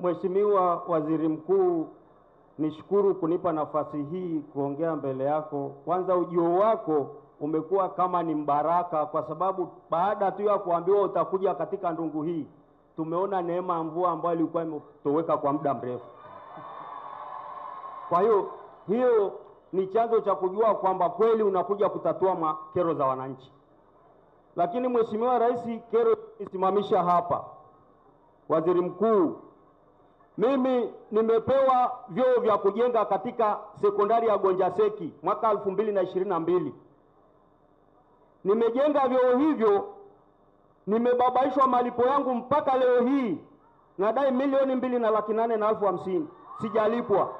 Mheshimiwa Waziri Mkuu, nishukuru kunipa nafasi hii kuongea mbele yako. Kwanza ujio wako umekuwa kama ni mbaraka, kwa sababu baada tu ya kuambiwa utakuja katika ndungu hii, tumeona neema ya mvua ambayo ilikuwa imetoweka kwa muda mrefu. Kwa hiyo hiyo ni chanzo cha kujua kwamba kweli unakuja kutatua kero za wananchi. Lakini Mheshimiwa Rais, kero isimamisha hapa, Waziri Mkuu mimi nimepewa vyoo vya kujenga katika sekondari ya gonja seki mwaka elfu mbili na ishirini na mbili. Nimejenga vyoo hivyo, nimebabaishwa malipo yangu mpaka leo hii, nadai milioni mbili na laki nane na elfu hamsini sijalipwa.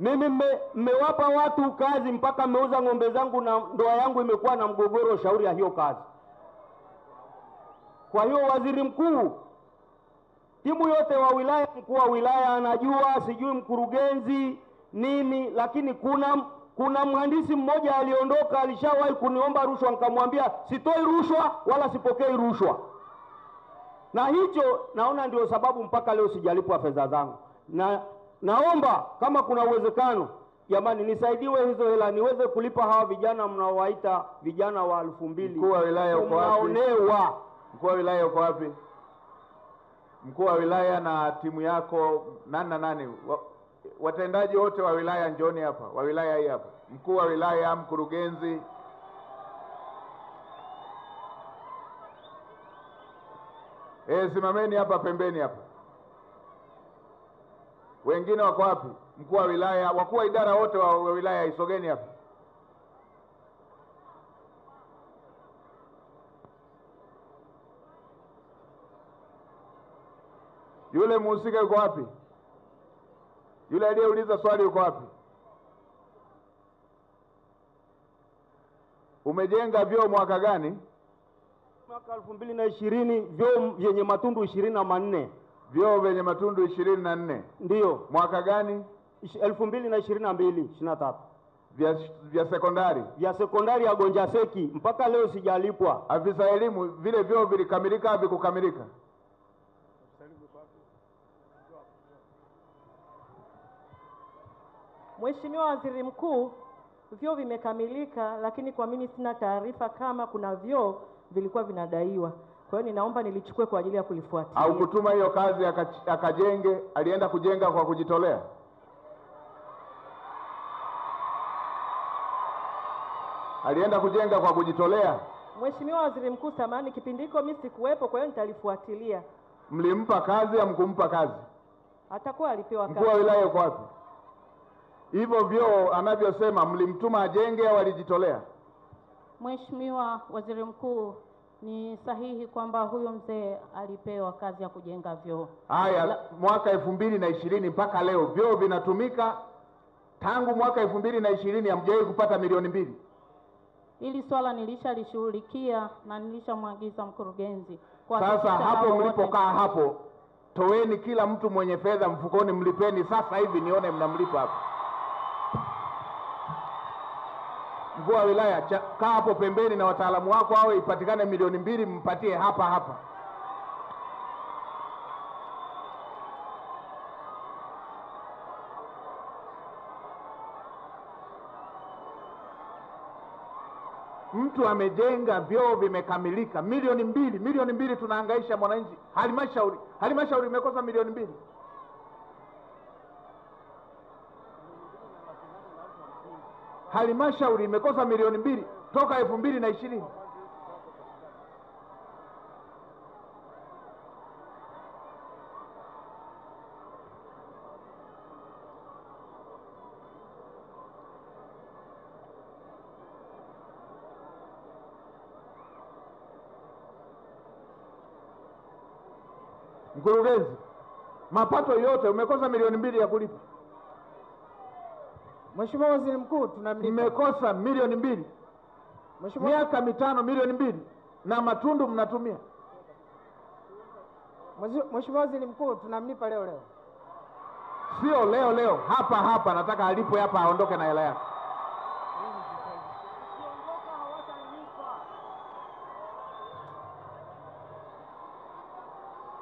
Mimi mmewapa me, watu kazi mpaka mmeuza ng'ombe zangu na ndoa yangu imekuwa na mgogoro, shauri ya hiyo kazi. Kwa hiyo waziri mkuu timu yote wa wilaya, mkuu wa wilaya anajua, sijui mkurugenzi nini, lakini kuna kuna mhandisi mmoja aliondoka, alishawahi kuniomba rushwa, nikamwambia sitoi rushwa wala sipokei rushwa, na hicho naona ndio sababu mpaka leo sijalipwa fedha zangu, na naomba kama kuna uwezekano Jamani, nisaidiwe hizo hela niweze kulipa hawa vijana mnaowaita vijana wa elfu mbili. Mkuu wa wilaya uko wapi? Mkuu wa wilaya uko wapi? mkuu wa wilaya na timu yako nani na nani wa, watendaji wote wa wilaya njoni hapa, wa wilaya hii hapa, mkuu wa wilaya, mkurugenzi E, simameni hapa pembeni hapa. Wengine wako wapi? Mkuu wa wilaya, wakuu wa idara wote wa wilaya isogeni hapa. Yule mhusika yuko wapi? Yule aliyeuliza swali yuko wapi? Umejenga vyoo mwaka gani? Mwaka elfu mbili na ishirini vyoo vyenye matundu ishirini na manne vyoo vyenye matundu ishirini na nne Ndiyo. Mwaka gani? elfu mbili na ishirini na mbili ishirini na tatu vya, vya sekondari vya sekondari ya Seki mpaka leo sijalipwa. Afisa elimu, vile vyoo vilikamilika, havikukamilika? Mheshimiwa Waziri Mkuu, vyoo vimekamilika, lakini kwa mimi sina taarifa kama kuna vyoo vilikuwa vinadaiwa. Kwa hiyo ninaomba nilichukue kwa ajili ya kulifuatilia. Au kutuma hiyo kazi akajenge, alienda kujenga kwa kujitolea. Alienda kujenga kwa kujitolea. Mheshimiwa Waziri Mkuu, samahani, kipindi hiko mimi sikuwepo, kwa hiyo nitalifuatilia. Mlimpa kazi amkumpa kazi? Atakuwa alipewa kazi. Mkuu wa wilaya yuko wapi? hivyo vyoo anavyosema mlimtuma ajenge au alijitolea? Mheshimiwa Waziri Mkuu, ni sahihi kwamba huyu mzee alipewa kazi ya kujenga vyoo. Haya, mwaka elfu mbili na ishirini mpaka leo vyoo vinatumika tangu mwaka elfu mbili na ishirini hamjawahi kupata milioni mbili. Hili swala nilishalishughulikia na nilishamwagiza mkurugenzi. Kwa sasa hapo mlipokaa hapo, toweni kila mtu mwenye fedha mfukoni, mlipeni sasa hivi nione mnamlipa hapo. mkuu wa wilaya, kaa hapo pembeni na wataalamu wako awe ipatikane milioni mbili mpatie hapa hapa. Mtu amejenga vyoo vimekamilika, milioni mbili, milioni mbili tunahangaisha mwananchi. Halmashauri halmashauri imekosa milioni mbili. halmashauri imekosa milioni mbili toka elfu mbili na ishirini. Mkurugenzi, mapato yote umekosa milioni mbili ya kulipa. Mheshimiwa Waziri Mkuu, tunamlipa. Mmekosa milioni mbili miaka mitano, milioni mbili na matundu mnatumia. Mheshimiwa Waziri Mkuu, tunamlipa leo leo, sio leo leo, hapa hapa. Nataka alipo hapa, aondoke na hela yake.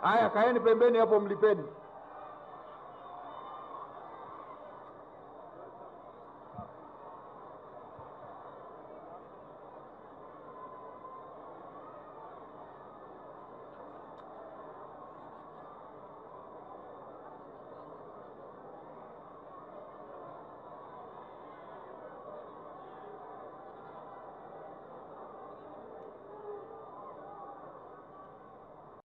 aya kaeni pembeni hapo, mlipeni.